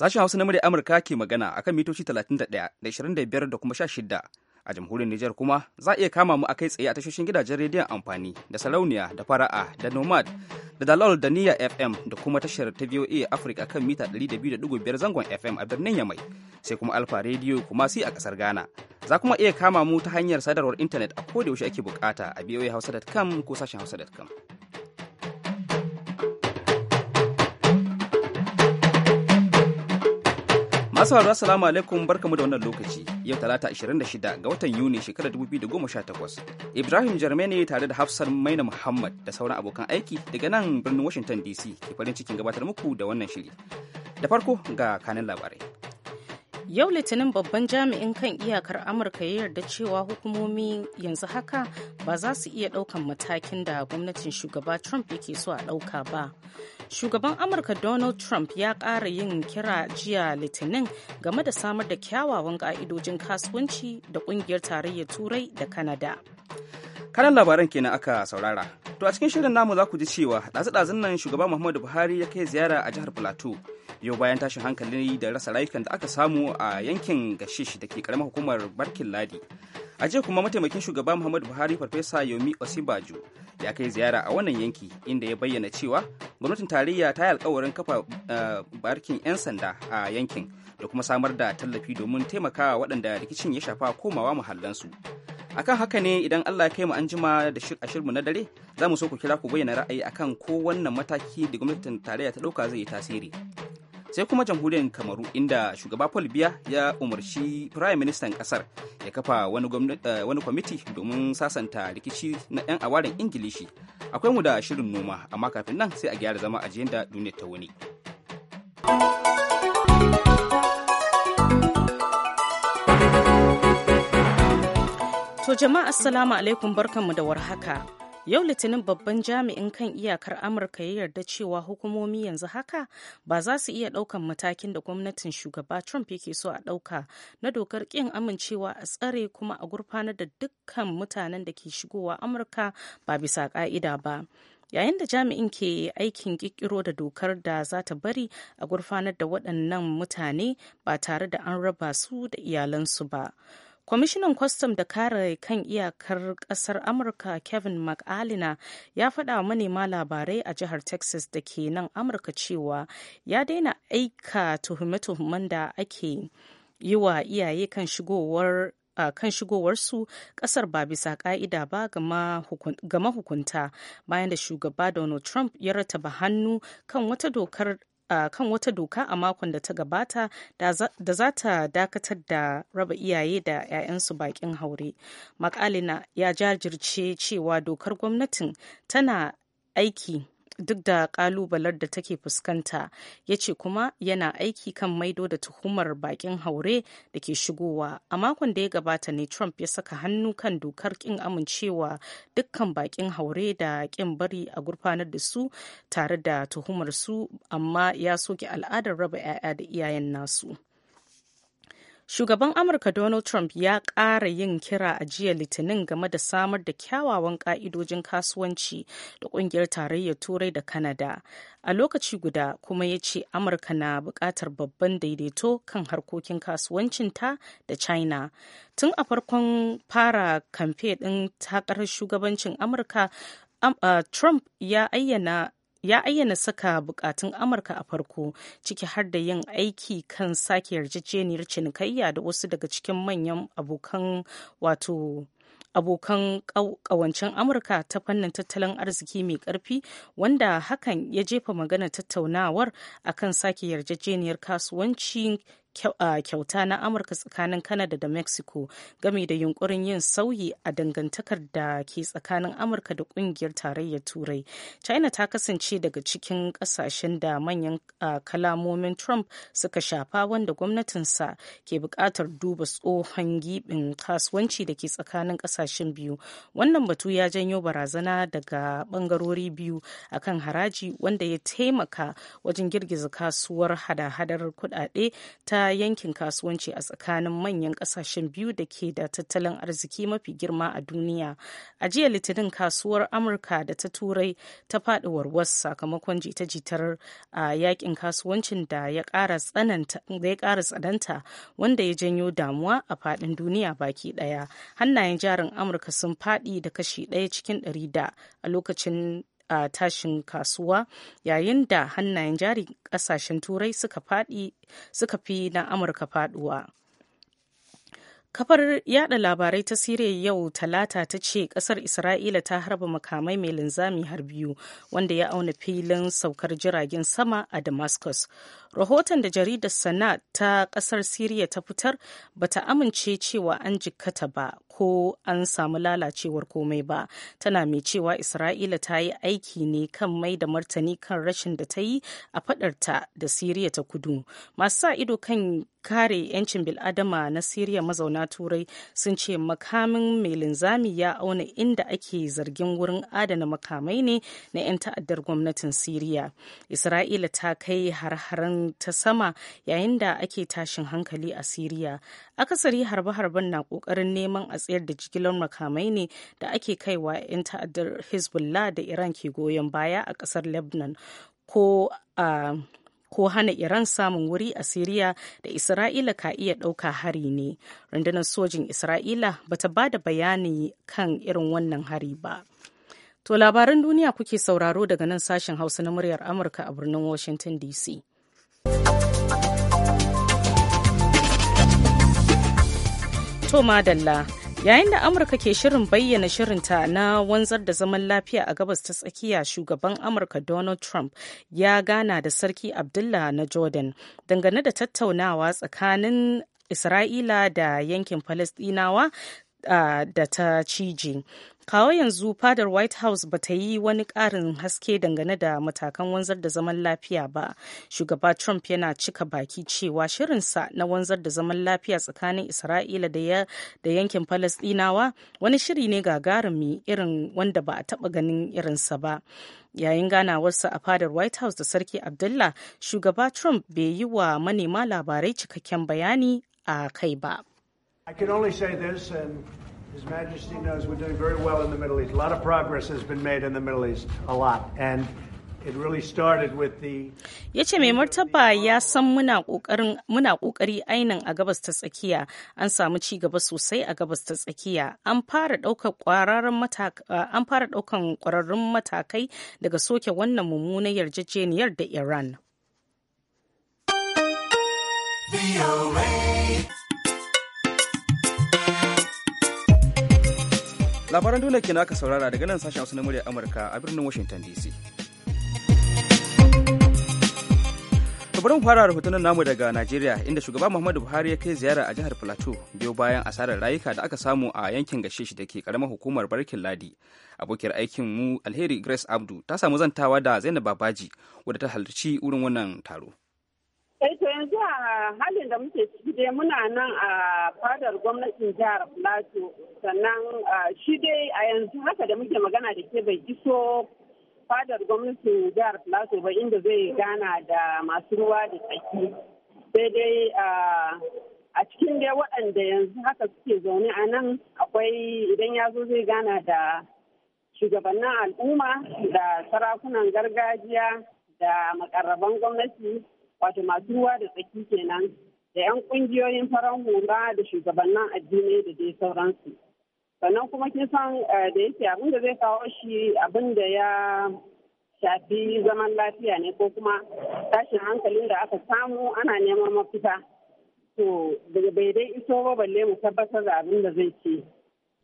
Sashen Hausa na murya Amurka ke magana akan mitoci 31 da 25 da kuma 16. A jamhuriyar Nijar kuma za a iya kama mu a kai tsaye a tashoshin gidajen rediyon amfani da sarauniya da fara'a da nomad da dalol da niyya FM da kuma tashar ta VOA Africa kan mita 200.5 zangon FM a birnin Yamai sai kuma Alfa Radio kuma si a kasar Ghana. Za kuma iya kama mu ta hanyar sadarwar intanet a kodayaushe ake bukata a voahausa.com ko sashen hausa.com. Masu haru assalamu alaikum barkamu da wannan lokaci yau talata 26 ga watan Yuni shekarar 2018. Ibrahim Jarme ne tare da Hafsar Maina Muhammad da sauran abokan aiki daga nan birnin Washington DC ke farin cikin gabatar muku da wannan shiri. Da farko ga kanin labarai. Yau Litinin babban jami'in kan iyakar Amurka ya yarda cewa hukumomi yanzu haka ba za su iya ɗaukan matakin da gwamnatin shugaba Trump yake so a ɗauka ba. Shugaban Amurka Donald Trump ya ƙara yin kira jiya Litinin game da samar da kyawawan ka'idojin kasuwanci da ƙungiyar tarayyar Turai da Kanada. Kanan labaran kenan aka saurara. To a cikin shirin namu za ku ji cewa ɗazu-ɗazun nan shugaba Muhammadu Buhari ya kai ziyara a jihar Plateau. yau bayan tashin hankali da rasa rayukan da aka samu a yankin gashish da ke karamar hukumar barkin ladi a jiya kuma mataimakin shugaba muhammadu buhari farfesa yomi osibaju ya kai ziyara a wannan yanki inda ya bayyana cewa gwamnatin tarayya ta yi alkawarin kafa eh, barkin 'yan sanda a yankin da kuma samar da tallafi domin taimakawa waɗanda rikicin ya shafa komawa muhallansu akan haka ne idan allah ya kai mu an jima da shirmu na dare za mu so ku kira ku bayyana ra'ayi akan ko wannan mataki da gwamnatin tarayya ta ɗauka zai yi tasiri sai kuma jamhuriyar kamaru inda shugaba paul biya ya umarci prime ministan kasar ya kafa eh, wani kwamiti domin sasanta rikici na 'yan awarin ingilishi akwai mu da shirin noma amma kafin nan sai a gyara zama a da duniya ta wuni to jama'a assalamu alaikum barkanmu da warhaka Yau Litinin babban jami'in kan iyakar Amurka ya yarda cewa hukumomi yanzu haka ba za su iya ɗaukan matakin da gwamnatin shugaba Trump yake so a ɗauka na dokar ƙin amincewa a tsare kuma a gurfanar da dukkan mutanen da ke shigowa Amurka ba bisa ƙa'ida ba. Yayin da jami'in ke aikin ƙirƙiro da dokar da za ta bari a gurfanar da waɗannan mutane ba tare da an raba su da iyalansu ba. kwamishinan kwastam da kare kan iyakar kasar amurka kevin mcallina ya faɗa wa manema labarai a jihar texas da ke nan amurka cewa ya daina aika tuhume-tuhumen da ake yi wa iyaye kan shigowar kan shigowarsu kasar ba bisa ka'ida ba ga mahukunta bayan da shugaba donald trump ya rataba hannu kan wata dokar kan wata doka a makon da ta gabata da za ta dakatar da raba iyaye da 'ya'yansu bakin haure. makalina ya jajirce cewa dokar gwamnatin tana aiki duk da kalubalar da take fuskanta ya ce kuma yana aiki kan maido da tuhumar bakin haure da ke shigowa a makon da ya gabata ne trump ya saka hannu kan dokar kin amincewa dukkan bakin haure da kin bari a gurfanar da su tare da tuhumar su amma ya soke al'adar raba 'ya'ya da iyayen nasu Shugaban Amurka Donald Trump ya ƙara yin kira a jiya Litinin game da samar da kyawawan ƙa'idojin kasuwanci da ƙungiyar tarayyar Turai da Kanada. A lokaci guda kuma ya ce Amurka na buƙatar babban daidaito kan harkokin kasuwancinta da China. Tun a farkon fara kamfe ɗin takarar shugabancin Amurka, Trump ya ayyana ya ayyana saka bukatun amurka a farko ciki har da yin aiki kan sake yarjejeniyar cinikayya da wasu daga cikin manyan abokan wato abokan kawancin amurka ta fannin tattalin arziki mai karfi wanda hakan ya jefa magana tattaunawar akan sake yarjejeniyar kasuwanci Ah, kyauta na amurka tsakanin canada da mexico game da yunkurin yin sauyi a dangantakar da ke tsakanin amurka da kungiyar tarayyar turai china ta kasance daga cikin kasashen da manyan ah, kalamomin trump suka shafa wanda gwamnatinsa ke bukatar duba tsohon gibin kasuwanci da ke tsakanin kasashen biyu wannan batu ya janyo barazana daga bangarori biyu akan haraji wanda ya taimaka wajen girgiza kasuwar hada-hadar kudade ta na yankin kasuwanci a tsakanin manyan kasashen biyu da ke da tattalin arziki mafi girma a duniya a jiya litinin kasuwar amurka da ta turai ta faɗi warwas sakamakon jita-jitar a yakin kasuwancin da ya ƙara tsananta wanda ya janyo damuwa a faɗin duniya baki ɗaya hannayen jarin amurka sun faɗi da kashi ɗaya cikin ɗari da a lokacin a tashin kasuwa yayin da hannayen jari kasashen turai suka fi na amurka faduwa kafar yada labarai ta siriya yau talata ta ce kasar isra'ila ta harba makamai mai linzami har biyu wanda ya auna filin saukar jiragen sama a damascus rahoton da jaridar sana ta kasar siriya ta fitar bata amince cewa an jikkata ba ko an samu lalacewar komai ba tana mai cewa isra'ila ta yi aiki ne kan mai da martani kan rashin da ta yi a fadarta da siriya ta kudu masu sa ido kan kare 'yancin biladama na siriya mazauna turai sun ce makamin mai linzami ya auna inda ake zargin wurin adana makamai ne na 'yan ta'addar gwamnatin siriya isra'ila ta kai har-haren ta sama yayin da ake tashin hankali a Siriya. Akasari harbe-harben na kokarin neman a tsayar da jigilar makamai ne da ake kaiwa in ta'addar Hezbollah da Iran ke goyon baya a kasar Lebanon ko a ko hana Iran samun wuri a Siriya da Isra'ila ka iya ɗauka hari ne. Rundunar sojin Isra'ila bata ba da bayani kan irin wannan hari ba. To labaran duniya kuke sauraro daga nan sashen Hausa na muryar Amurka a birnin Washington DC. To Madalla, yayin da Amurka ke shirin bayyana shirinta na wanzar da zaman lafiya a gabas ta tsakiya shugaban Amurka Donald Trump ya gana da Sarki Abdullah na Jordan dangane da tattaunawa tsakanin Isra'ila da yankin Falasɗinawa ah, da ta cije kawo yanzu fadar white house ba ta yi wani ƙarin haske dangane da matakan wanzar da zaman lafiya ba shugaba trump yana cika baki cewa shirinsa na wanzar da zaman lafiya tsakanin isra'ila da yankin falasɗinawa wani shiri ne gagarumi irin wanda ba a taɓa ganin irinsa ba yayin ganawarsa a fadar white house da sarki abdullah shugaba trump bai yi wa manema labarai cikakken bayani a kai ba His Majesty knows we're doing very well in the Middle East. A lot of progress has been made in the Middle East, a lot. And it really started with the ya ce mai martaba ya san muna kokari ainin a gabas ta tsakiya an samu ci gaba sosai a gabas ta tsakiya an fara eh, ɗaukan ƙwararrun matakai daga soke wannan mummunar yarjejeniyar da iran labaran duniya kenan aka saurara daga nan sashen wasu na murya amurka a birnin washington dc bari mu fara rahoton namu daga Najeriya inda shugaba Muhammadu Buhari ya kai ziyara a jihar Plateau biyo bayan asarar rayuka da aka samu a yankin Gasheshi da ke karamar hukumar Barkin Ladi. Abokiyar aikin mu Alheri Grace Abdu ta samu zantawa da Zainab Babaji wadda ta halarci wurin wannan taro. sai eh, to yanzu a halin da muke ciki dai muna nan a fadar gwamnatin jihar Plateau sannan shi dai a yanzu haka da muke magana da ke bai iso fadar gwamnatin jihar Plateau ba inda zai gana da masu ruwa da tsaki. Sai dai a cikin dai waɗanda yanzu haka suke zaune a nan akwai idan ya zo zai gana da shugabannin al'umma da sarakunan gargajiya da makarraban gwamnati wato masu ruwa da tsaki kenan da 'yan kungiyoyin farar hula da shugabannin addini da dai sauransu sannan kuma kin san eh, da yake abin da zai kawo shi abin da ya shafi zaman lafiya ne ko kuma tashin hankalin da aka samu ana neman mafita to daga bai dai iso ba balle mu tabbatar da abin da zai ce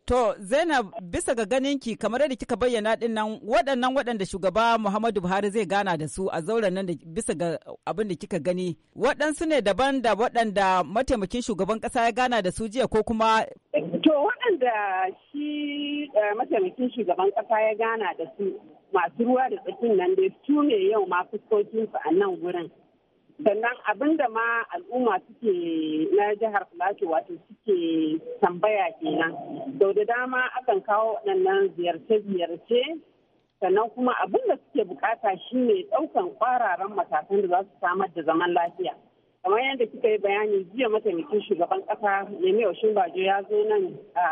To Zainab bisa ga ganinki kamar yadda kika bayyana din nan waɗannan waɗanda shugaba Muhammadu Buhari zai gana da su a zauren nan bisa ga abin da kika gani waɗansu ne daban da waɗanda mataimakin shugaban ƙasa ya gana da su jiya ko kuma To waɗanda shi eh, mataimakin shugaban ƙasa ya gana da su masu ruwa da tsakin nan dai su ne yau ma fuskokinsu a nan wurin. sannan abin da ma al'umma suke na jihar plateau wato suke tambaya kenan sau da dama akan kawo waɗannan ziyarce-ziyarce sannan kuma abin da suke bukata ne ɗaukan kwararan matakan da za su samar da zaman lafiya kamar yadda kika yi bayani jiya mataimakin shugaban ƙasa yemi bajo ya zo nan a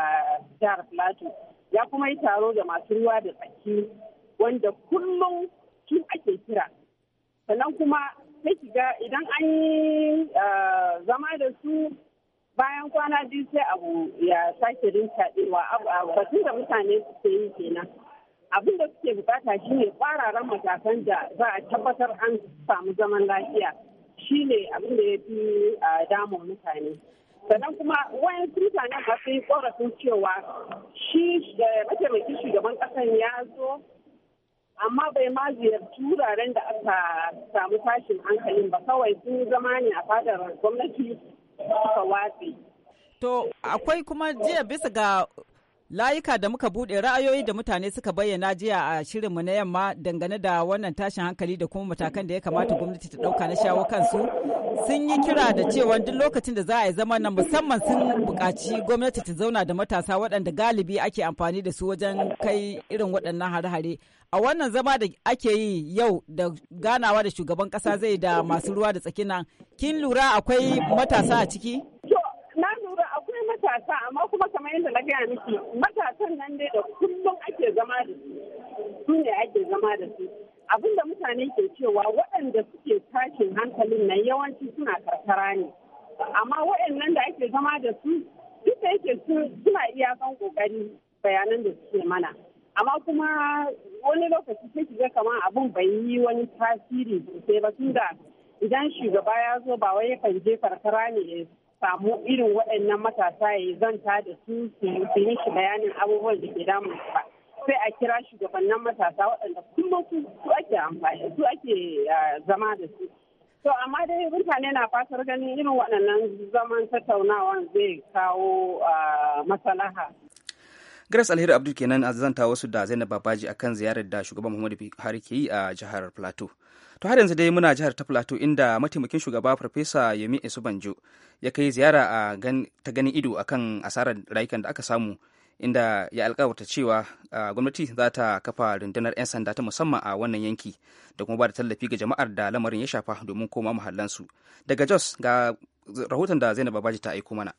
jihar plateau ya kuma yi taro da masu ruwa da tsaki wanda kullum su ake kira sannan kuma sai ki ga idan an yi eh, zama da su bayan kwana biyu sai abu ya sake a batun da mutane suke yi kenan abin da suke bukata shine kwararan matakan da za a tabbatar an samu zaman lafiya shine abin da ya fi eh, damun mutane sannan kuma wayan mutanen ba su yi korafin cewa shi eh, mataimakin shugaban kasan ya zo amma bai ma ziyarci wuraren da aka samu tashin hankalin ba kawai sun zama ne a fadar gwamnati suka watse. To akwai kuma jiya bisa ga layuka da muka buɗe ra'ayoyi da mutane suka bayyana jiya a shirinmu na yamma dangane da wannan tashin hankali da kuma matakan da ya kamata gwamnati ta ɗauka na shawo kansu sun yi kira da cewa duk lokacin da za a yi zama nan musamman sun buƙaci gwamnati ta zauna da matasa waɗanda galibi ake amfani da su wajen kai irin waɗannan hare-hare a wannan zama da ake yi yau da ganawa da shugaban ƙasa zai da masu ruwa da tsakina kin lura akwai matasa a ciki ba amma kuma kamar yadda na gaya miki matasan nan dai da kullum ake zama da su ne ake zama da su abinda mutane ke cewa waɗanda suke tashin hankalin nan yawanci suna karkara ne amma waɗannan da ake zama da su duk da yake suna iyakan kokari bayanan da suke mana amma kuma wani lokaci sai ki ga kamar abun bai yi wani tasiri sosai ba tunda idan shugaba ya zo ba wai yakan je karkara ne samu irin waɗannan matasa ya zanta da su su yi shi bayanin abubuwan da ke damun ba sai a kira shugabannin matasa waɗanda kullum su ake amfani su ake zama da su to amma dai mutane na fatar ganin irin waɗannan zaman tattaunawan zai kawo maslaha Grace Alheri Abdul kenan a zanta wasu da Zainab Babaji akan ziyarar da shugaban Muhammadu Buhari ke yi a jihar Plateau. to har yanzu dai muna jihar ta plateau inda mataimakin shugaba farfesa yemi banjo ya kai ziyara a gan, ta ganin ido akan asarar rayukan da aka samu inda ya alkawarta cewa gwamnati za ta kafa rundunar 'yan sanda ta musamman a wannan yanki da kuma ba da tallafi ga jama'ar da lamarin ya shafa domin koma muhallansu daga jos ga rahoton da zainab babaji ta aiko mana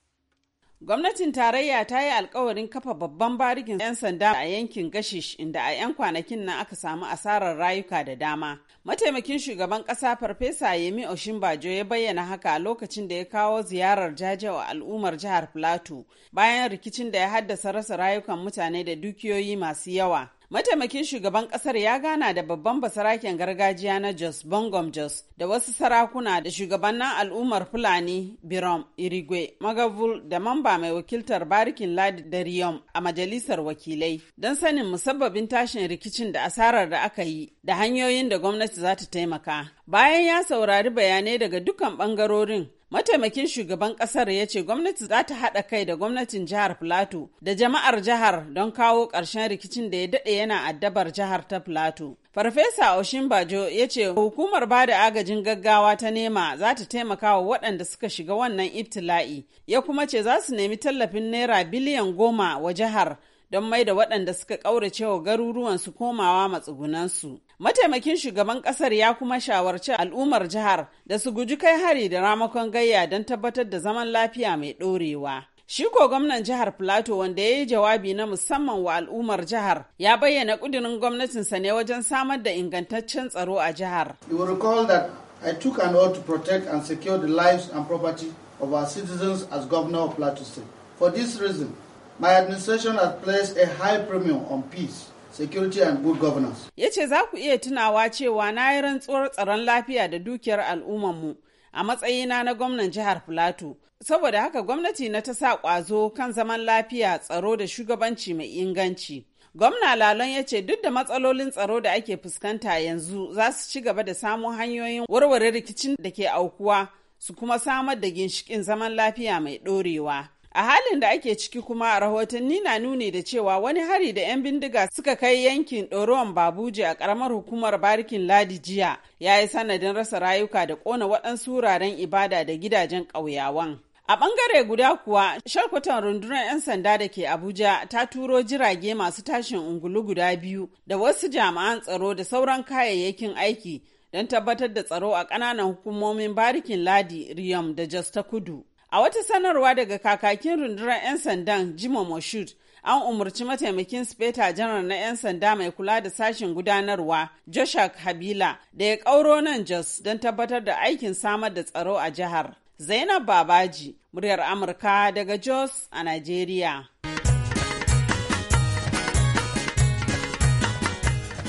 Gwamnatin tarayya ta yi alkawarin kafa babban barikin 'yan sanda a yankin Gashish inda a 'yan kwanakin nan aka samu asarar rayuka da dama. Mataimakin shugaban ƙasa Farfesa Yemi Oshimbajo ya bayyana haka lokacin da ya kawo ziyarar jaje a al'ummar jihar Plateau bayan rikicin da ya haddasa rasa rayukan mutane da dukiyoyi masu yawa. Mataimakin shugaban kasar ya gana da babban basaraken gargajiya na Jos Bongom Jos da wasu sarakuna da shugabannin al'ummar Fulani Birom Irigwe Magavul da mamba mai wakiltar barikin Ladi da Riyom a majalisar wakilai don sanin musabbabin tashin rikicin da asarar da aka yi da hanyoyin da gwamnati za ta taimaka. Bayan ya saurari bayanai daga dukkan bangarorin Mataimakin shugaban kasar ya ce gwamnati za ta haɗa kai da gwamnatin jihar Filato da jama'ar jihar don kawo ƙarshen rikicin da ya daɗe yana addabar jihar ta Filato. Farfesa Oshin Bajo ya ce hukumar ba da agajin gaggawa ta nema za ta taimaka wa waɗanda suka shiga wannan ibtila'i ya kuma ce za su nemi tallafin naira biliyan goma wa jihar don mai da waɗanda suka ƙaurace wa garuruwansu komawa matsugunansu. Mataimakin shugaban kasar ya kuma shawarci al'ummar jihar da su guji kai hari da ramakon gayya don tabbatar da zaman lafiya mai ɗorewa. Shi ko gwamnan jihar Plato wanda ya yi jawabi na musamman wa al'ummar jihar ya bayyana ƙudurin gwamnatinsa ne wajen samar da ingantaccen tsaro a jihar. You will recall that I took an oath to protect and secure the lives and property of our citizens as governor of Plateau State. For this reason, my administration has placed a high premium on peace, security and good governance. Ya ce za ku iya tunawa cewa na yi rantsuwar tsaron lafiya da dukiyar mu a matsayina na gwamnan jihar Filato. Saboda haka gwamnati na ta sa ƙwazo kan zaman lafiya tsaro da shugabanci mai inganci. Gwamna Lalon ya ce duk da matsalolin tsaro da ake fuskanta yanzu za su ci gaba da samun hanyoyin warware rikicin da ke aukuwa su kuma samar da ginshikin zaman lafiya mai ɗorewa. a halin da ake ciki kuma a rahotanni na nuni da cewa wani hari da 'yan bindiga suka kai yankin ɗoruwan babuji a ƙaramar hukumar barikin ladi jiya ya yi sanadin rasa rayuka da ƙona waɗansu wuraren ibada da gidajen ƙauyawan a ɓangare guda kuwa sharkwatan rundunar 'yan sanda da ke abuja ta turo jirage masu tashin ungulu guda biyu da wasu jami'an tsaro da sauran kayayyakin aiki don tabbatar da tsaro a ƙananan hukumomin barikin ladi riyam da jos ta kudu A wata sanarwa daga kakakin rundunar 'yan sandan Jima Moshood, an umarci mataimakin speta janar na 'yan sanda mai kula da sashen gudanarwa Joshak Habila da ya ƙauro nan Jos don tabbatar da aikin samar da tsaro a jihar. Zainab Babaji, muryar Amurka daga Jos a Najeriya.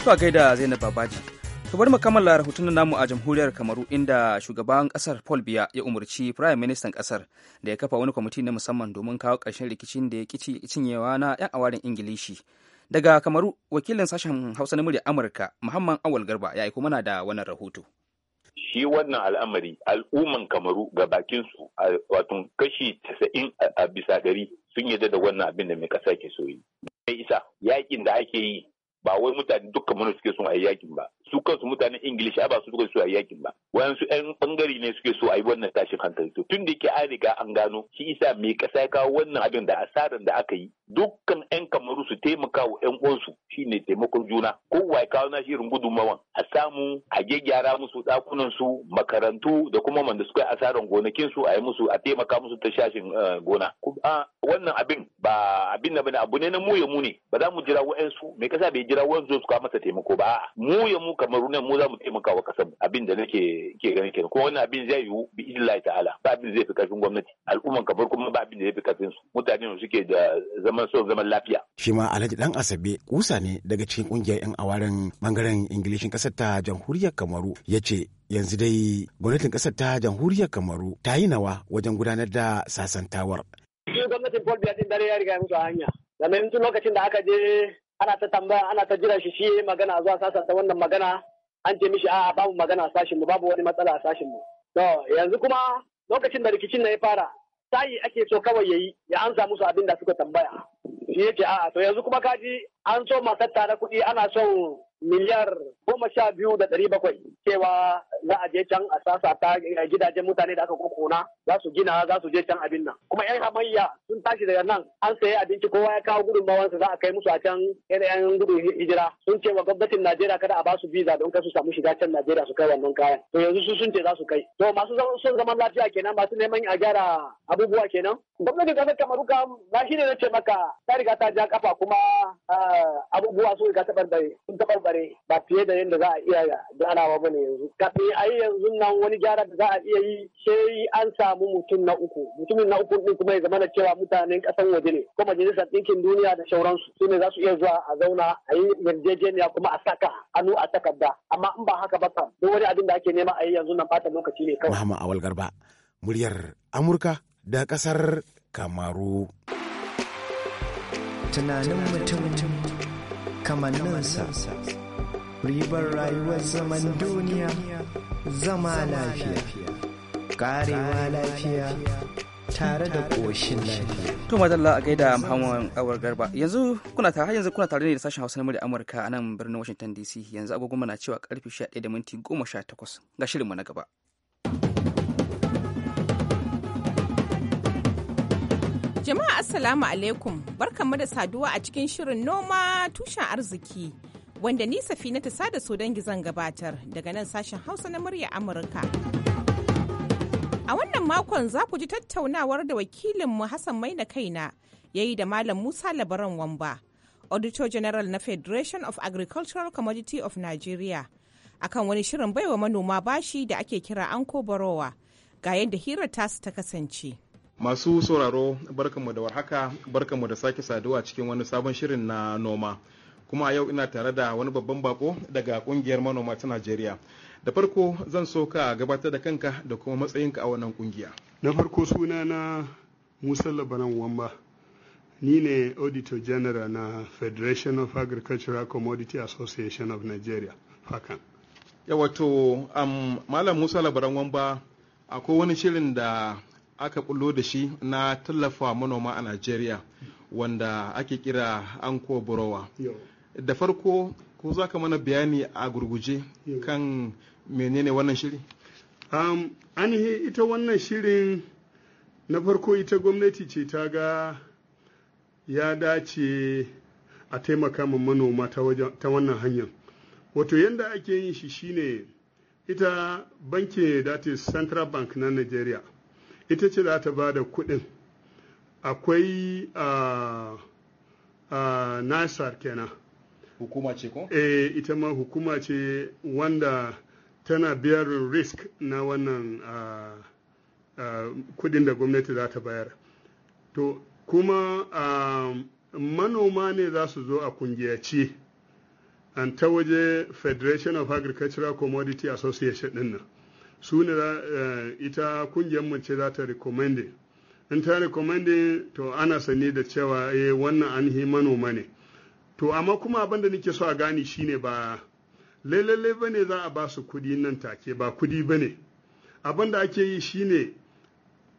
gaida Zainab Babaji. To bari mu kammala rahotunan namu a jamhuriyar Kamaru inda shugaban kasar Paul Biya ya umarci Prime Minister kasar da ya kafa wani kwamiti na musamman domin kawo ƙarshen rikicin da ya kici cinyewa na 'yan awarin Ingilishi. Daga Kamaru, wakilin sashen Hausa na murya Amurka, Muhammad Awal Garba, ya aiko mana da wannan rahoto. shi wannan al'amari al'umman kamaru ga bakin su wato kashi tasa'in a bisa ɗari sun yarda da wannan abin da mai kasa ke so yi. Mai isa yakin da ake yi ba wai mutane duka mana suke son ayi yakin ba su kansu mutanen ingilishi ba su duka su ayi yakin ba wasu yan bangare ne suke so ayi wannan tashin hankali to tun da yake an riga an gano shi isa mai kasa ya kawo wannan abin da asaran da aka yi dukkan yan kamaru su taimaka wa yan uwansu shine taimakon juna kowa ya kawo shi irin gudunmawan a samu a gyaggyara musu dakunan su makarantu da kuma wanda suka yi asaran gonakin su a yi musu a taimaka musu ta shashin eh, gona wannan abin ba abin na bane abu ne na muye mu ne ba za mu jira wa'ansu mai kasa bai jira wa'ansu su kawo masa taimako ba muye mu kamar nan mu za mu taimaka wa kasar abin da nake ke ganin kenan kuma wannan abin zai yiwu bi illahi ta'ala ba abin zai fi karfin gwamnati al'umman kamar kuma ba abin da zai fi karfin su mutane suke da zaman son zaman lafiya shi ma Alhaji Dan Asabe kusa ne daga cikin kungiyar yan awaren bangaren Ingilishin kasar ta Jamhuriyar Kamaru ya ce yanzu dai gwamnatin kasar ta Jamhuriyar Kamaru ta yi nawa wajen gudanar da sasantawar gwamnatin Paul Biya din dare ya riga a hanya. Game yanzu lokacin da aka je ana ta tambaya ana ta jira shi shi magana zuwa ta wannan magana an ce mishi a'a babu magana a sashin mu babu wani matsala a sashin mu. To yanzu kuma lokacin da rikicin na ya fara sayi ake so kawai ya yi ya ansa musu abin da suka tambaya. Shi ce a'a to yanzu kuma kaji an so ma tara kuɗi ana son miliyar goma sha biyu da ɗari bakwai cewa za a je can a sasa ta gidajen mutane da aka kokona za su gina za su je can abin nan. kuma yan hamayya sun tashi daga nan an saye abinci kowa ya kawo gudunmawansa za a kai musu a can yan gudun hijira sun ce wa gwamnatin Najeriya kada a ba su visa don kar su samu shiga can Najeriya su kai wannan kayan to yanzu su sun ce za su kai to masu son zaman lafiya kenan masu neman a gyara abubuwa kenan gwamnatin kasar Kamaru kam na shi ne na ce maka ta riga ta ja kafa kuma ah, abubuwa sun riga sun ba fiye da yadda za a iya ganawa bane yanzu kafin ayi yanzu nan wani gyara da za a iya yi sai an samu mutum na uku mutumin na uku din kuma ya zama da cewa mutanen kasan waje ne ko majalisar ɗinkin duniya da shauransu su ne za su iya zuwa a zauna a yi yarjejeniya kuma a saka hannu a takarda amma in ba haka ba kam duk wani abin da ake nema a yi yanzu nan fata lokaci ne kawai. Muhammad Awal Garba muryar Amurka da kasar Kamaru. Tunanin mutum kamanninsa ribar rayuwar zaman duniya zama lafiya. Karewa lafiya tare da ƙoshin lafiya. To madalla a gaida Muhammad Awar Garba. Yanzu kuna tare yanzu kuna tare ne da sashen Hausa na murya Amurka a nan birnin Washington DC. Yanzu agogo na cewa karfe 11 da minti 18 ga shirinmu na gaba. Jama'a Assalamu alaikum barkanmu da saduwa a cikin shirin noma tushen arziki wanda ni safina ta sada so dangi zan gabatar daga nan sashen Hausa na murya Amurka. A wannan makon za ku ji tattaunawar da wakilinmu Hassan Maina kaina ya yi da Malam Musa Labaran Wamba, Auditor General na Federation of Agricultural Commodity of Nigeria, akan wani shirin baiwa manoma bashi da ake kira Anko Barowa, ga yadda hirar tasu ta kasance. Masu sauraro barkanmu da warhaka, barkanmu da sake saduwa cikin wani sabon shirin na noma. Kuma yau ina tare da wani babban bako daga kungiyar manoma ta Najeriya. da farko zan so ka gabatar da kanka da kuma matsayinka a wannan kungiya na farko suna na musa labaran wamba ni ne auditor general na federation of agricultural commodity association of nigeria fakan yawato um, malam musa labaran wamba akwai wani shirin da aka kullo da shi na tallafa manoma a nigeria wanda ake kira anko burowa da farko ko za ka mana bayani a gurguje kan menene wannan shiri um, yi ita wannan shirin na farko ita gwamnati ce ta ga ya dace a taimaka ma manoma ta wannan hanyar wato yadda ake yin shi shine ita banki dati central bank na nigeria ita ce za ta ba da kudin akwai uh, uh, nasar kenan hukuma ce ko? eh ita ma hukuma ce wanda tana biyarin risk na wannan ah, ah, kudin da gwamnati za ta bayar to kuma ah, manoma ne za su zo a kungiyaci an ta waje federation of agricultural commodity association din nan su ne eh, ita kungiyar mace za ta recommend in ta recommend to ana sani da cewa eh, wannan an manoma ne to amma kuma abinda nake so a gani shine ba lalle ba ne za a ba su kudi nan take ba kudi ba ne abin da ake yi shine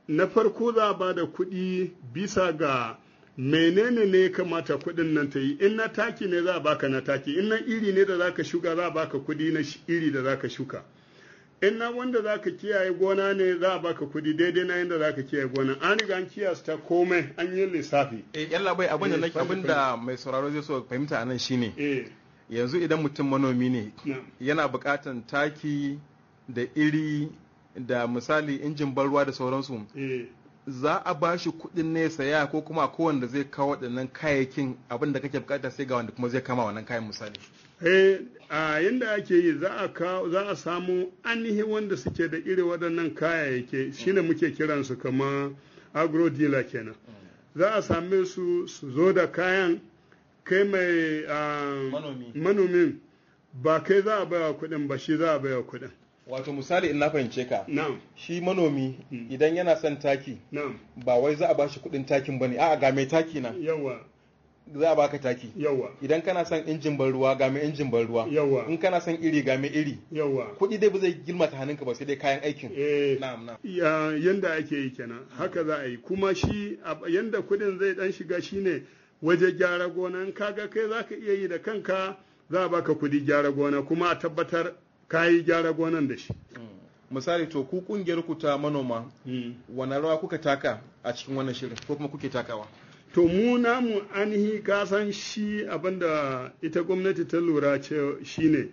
na farko za a ba da kudi bisa ga menene ne ya kamata kudin nan ta yi in na taki ne za a baka na taki in na iri ne da za ka shuka za a baka kudi na iri da za ka shuka in na wanda za ka kiyaye gona ne za a baka kudi daidai na yadda za ka kiyaye gona an riga an kiyasta komai an yi lissafi eh yalla bai abin da eh, mai sauraro zai so fahimta anan shine eh yanzu idan mutum manomi ne yana buƙatan taki da iri da misali injin ban ruwa da sauransu eh. za a ba shi kuɗin ne saya ko kuma wanda zai kawo waɗannan kayayyakin abin da kake bukata sai ga wanda kuma zai kama wannan kayan misali eh a yanda ake yi za a kawo za a samu ainihi wanda suke da iri waɗannan kayayyaki shine mm. muke kiran su kama agro dealer kenan mm. za a same su su zo da kayan kai mai ah, manomin ba kai za a baya kuɗin ba shi za a baya kuɗin wato misali in na fahimce ka shi manomi mm. idan yana son taki ba wai za a ba shi kuɗin takin ba ne a'a ga mai taki na yawa za a baka taki yawa idan kana son injin ban ruwa ga mai injin ban ruwa yawa in kana son iri ga mai iri yawa kuɗi dai ba zai ta hannunka ba sai dai kayan aikin eh na'am na'am yanda ake yi kenan haka za a yi kuma shi yanda kuɗin zai dan shiga shine waje gyara gona in kaga kai za ka iya yi da kanka za a baka kudi gyara gona kuma a tabbatar ka yi gyara gonan da shi mm. misali to ku kungiyar ku ta manoma mm. wani rawa kuka taka a cikin wannan shirin ko kuma kuke takawa to mu namu ainihi kasan shi abinda ita gwamnati ta lura ce shine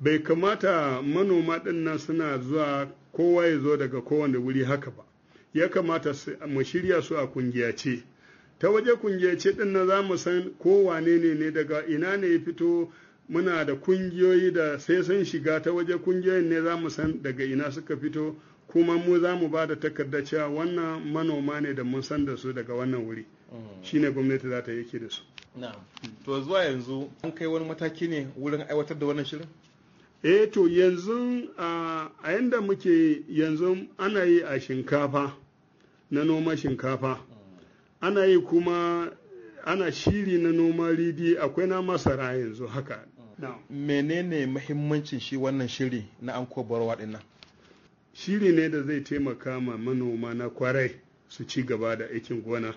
bai kamata manoma dinnan suna zuwa kowa ya zo daga kowane wuri haka ba ya kamata mu shirya su a ce. ta waje kungiyace din na za mu san ko wane ne ne daga ina ne ya fito muna da kungiyoyi da sai sun shiga ta waje kungiyoyin ne za mu san daga ina suka fito kuma mu za mu ba da takarda cewa wannan manoma ne da mun san da su daga wannan wuri mm. shine gwamnati za ta yake da su to zuwa yanzu an kai wani mataki ne wurin aiwatar da wannan shirin eh to yanzu a yanda muke yanzu ana yi a shinkafa na noma shinkafa mm. ana yi kuma ana shiri na noma ridi akwai na masara yanzu haka menene mahimmancin shi wannan shiri na an barwa nan? shiri ne da zai taimaka ma manoma na kwarai su ci gaba da aikin gona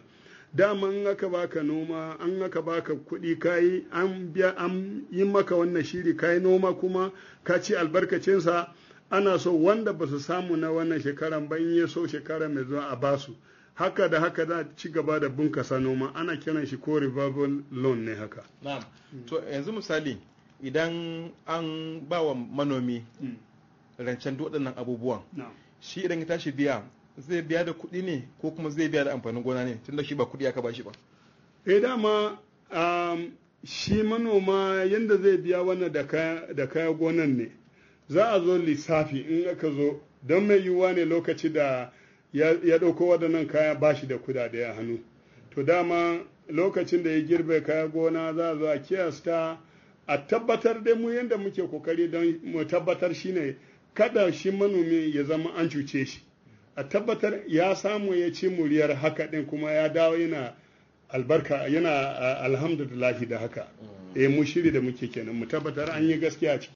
dama an aka baka noma an aka baka kuɗi kayi an biya an yi maka wannan shiri kayi noma kuma ka ci albarkacinsa ana so wanda ba su samu na wannan shekaran ba in ya so shekara mai zuwa a basu haka da haka za ci gaba da bunkasa noma ana kiran shi ko revival loan ne haka na'am mm. to yanzu misali idan an ba wa manomi mm. rancen waɗannan abubuwan shi idan ya tashi biya zai biya da kuɗi ne ko kuma zai biya da amfanin gona ne tun da shi ba kuɗi aka ba shi ba eh dama um, shi manoma yadda zai biya wannan da kaya gonan ne za a zo lissafi in aka zo don mai yiwuwa ne lokaci da ya ɗauko waɗannan kaya ba shi da kudade a hannu to dama lokacin da ya girbe kaya gona za a zo a kiyasta a tabbatar dai mu yadda muke kokari don mu tabbatar shine kada shi manomi ya zama an cuce shi a tabbatar ya samu ya ci muriyar haka ɗin kuma ya dawo yana albarka yana alhamdulillahi da haka mm. eh mu shiri da muke kenan mu tabbatar an yi gaskiya ce.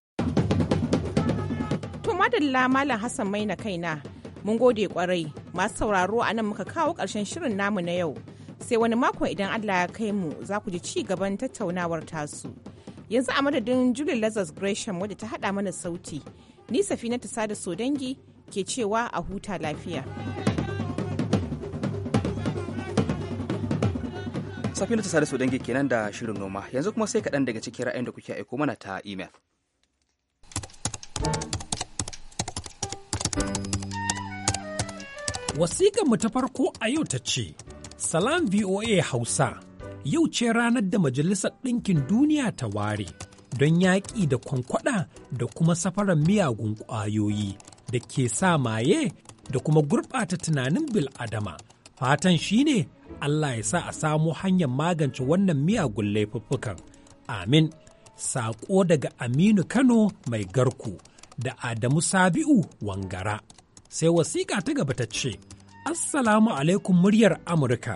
to madalla malam hassan maina kaina Mun gode kwarai masu sauraro a nan muka kawo ƙarshen shirin namu na yau. Sai wani makon idan Allah ya kai mu za ku ji ci gaban tattaunawar tasu. Yanzu a madadin Julie Lazarus Gresham wadda ta haɗa mana sauti. Ni Safina Tasada Sodangi ke cewa a huta lafiya. Safina Tasada Sodangi kenan da shirin noma yanzu kuma sai kaɗan daga cikin ra'ayin da kuke aiko mana ta imel. Wasiƙanmu ta farko a yau ta ce, Salam VOA Hausa, yau ce ranar da Majalisar Ɗinkin Duniya ta ware don yaƙi da kwankwaɗa da kuma safaran miyagun ƙwayoyi da ke sa maye da kuma gurɓata tunanin bil'adama. Fatan shi ne Allah ya sa a samo hanyar magance wannan miyagun laifuffukan. Amin. Saƙo daga Aminu Kano mai garku da Adamu Sabi'u Wangara. sai wasiƙa ta gaba ta ce, Assalamu alaikum muryar Amurka.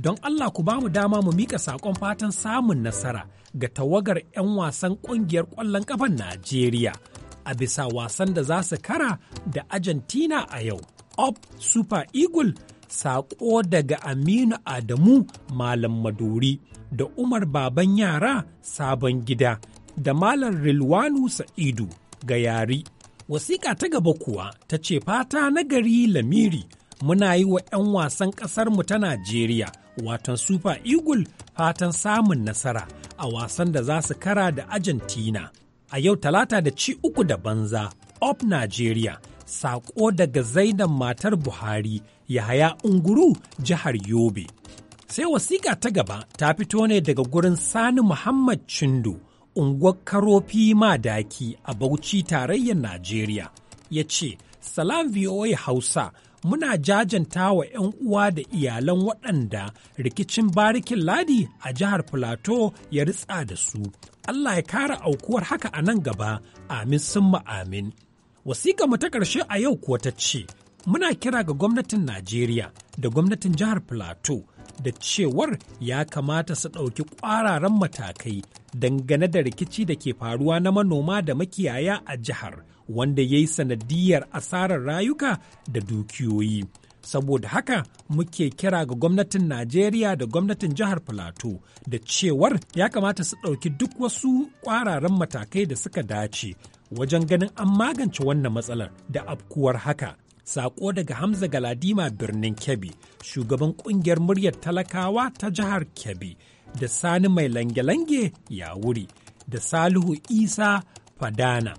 Don Allah ku ba mu dama mu miƙa saƙon fatan samun nasara ga tawagar 'yan wasan ƙungiyar ƙwallon ƙafan Najeriya a bisa wasan da za su kara da Argentina a yau. Op Super Eagle saƙo daga Aminu Adamu Malam Maduri da Umar Baban Yara Sabon Gida da Malam Rilwanu Sa'idu ga yari. Wasiƙa ta gaba kuwa ta ce fata na gari Lamiri muna yi wa 'yan wasan ƙasarmu ta Najeriya watan Super Eagle fatan samun nasara a wasan da za su kara da Argentina. A yau talata da ci uku da banza, Up Najeriya, saƙo daga zaidan matar Buhari, Yahaya Unguru, jihar Yobe. Sai wasiƙa ta gaba ta fito ne daga gurin Sani Muhammad Chindu. unguwar karofi madaki a Bauchi tarayyar Najeriya ya ce, Salam VOA Hausa muna jajanta wa 'yan uwa da iyalan waɗanda rikicin barikin ladi a jihar Filato ya ritsa da su. Allah ya kara aukuwar haka a nan gaba, amin sun amin. Wasiƙa mu ta ƙarshe a yau kuwa ta ce, muna kira ga gwamnatin Najeriya da gwamnatin jihar Filato da cewar ya kamata su ɗauki ƙwararan matakai dangane da rikici da ke faruwa na manoma da makiyaya a jihar wanda ya yi sanadiyar asarar rayuka da dukiyoyi. Saboda haka muke kira ga gwamnatin Najeriya da gwamnatin jihar Filato da cewar ya kamata su ɗauki duk wasu ƙwararan matakai da suka dace wajen ganin an magance wannan matsalar da afkuwar haka Saƙo daga Hamza Galadima birnin Kebbi, shugaban ƙungiyar muryar talakawa ta jihar Kebbi, da Sani mai lange-lange ya wuri, da Salihu Isa Fadana.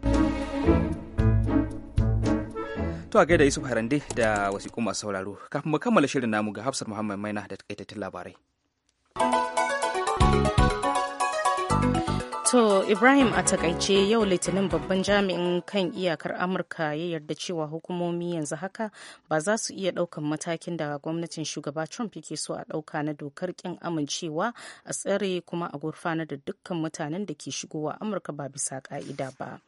To a gaida Yusuf Harande da wasiƙu masu sauraro, kafin mu kammala shirin namu ga Hafsat Muhammad Maina da takaitattun labarai. To Ibrahim a takaice yau litinin babban jami'in kan iyakar Amurka ya yarda cewa hukumomi yanzu haka ba za su iya ɗaukan matakin da gwamnatin shugaba Trump yake so a ɗauka na dokar ƙin amincewa a tsare kuma a gurfanar da dukkan mutanen da ke shigowa Amurka ba bisa ƙa'ida ba.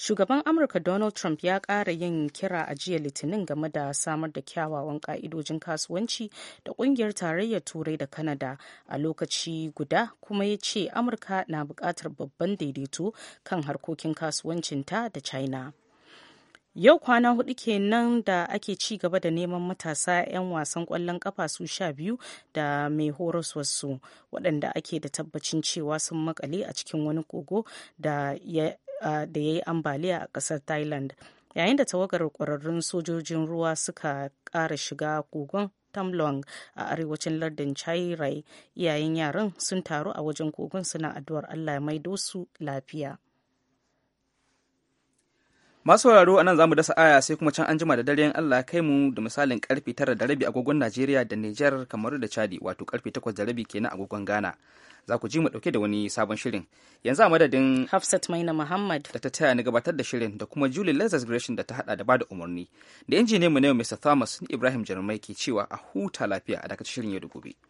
shugaban amurka donald trump ya ƙara yin kira a jiya litinin game da samar da kyawawan ka'idojin kasuwanci da ƙungiyar tarayyar turai da kanada a lokaci guda kuma ya ce amurka na buƙatar babban daidaito kan harkokin kasuwancinta da china Yau kwana hudu kenan da ake ci gaba da neman matasa 'yan wasan kwallon kafa su sha biyu da mai horaswarsu waɗanda ake da tabbacin cewa sun makale a cikin wani kogo da ya da ya yi ambaliya a kasar thailand yayin da tawagar kwararrun sojojin ruwa suka kara shiga kogon tamlong a arewacin lardin chairai iyayen yaran sun taru a wajen kogon suna addu'ar allah ya maido su lafiya masu sauraro a nan za mu dasa aya sai kuma can an jima da daren allah kai mu da misalin karfe tara da rabi agogon najeriya da niger kamaru da chadi wato karfe takwas da rabi kenan agogon ghana za ku ji mu dauke da wani sabon shirin. Yanzu a madadin Hafsat Maina Muhammad da ta taya ni gabatar da shirin da kuma Julie Lazarus Gresham da ta hada da bada umarni. Da injiniyan mu ne Mr. Thomas Ibrahim jarumai ke cewa a huta lafiya a dakacin shirin yau da gobe.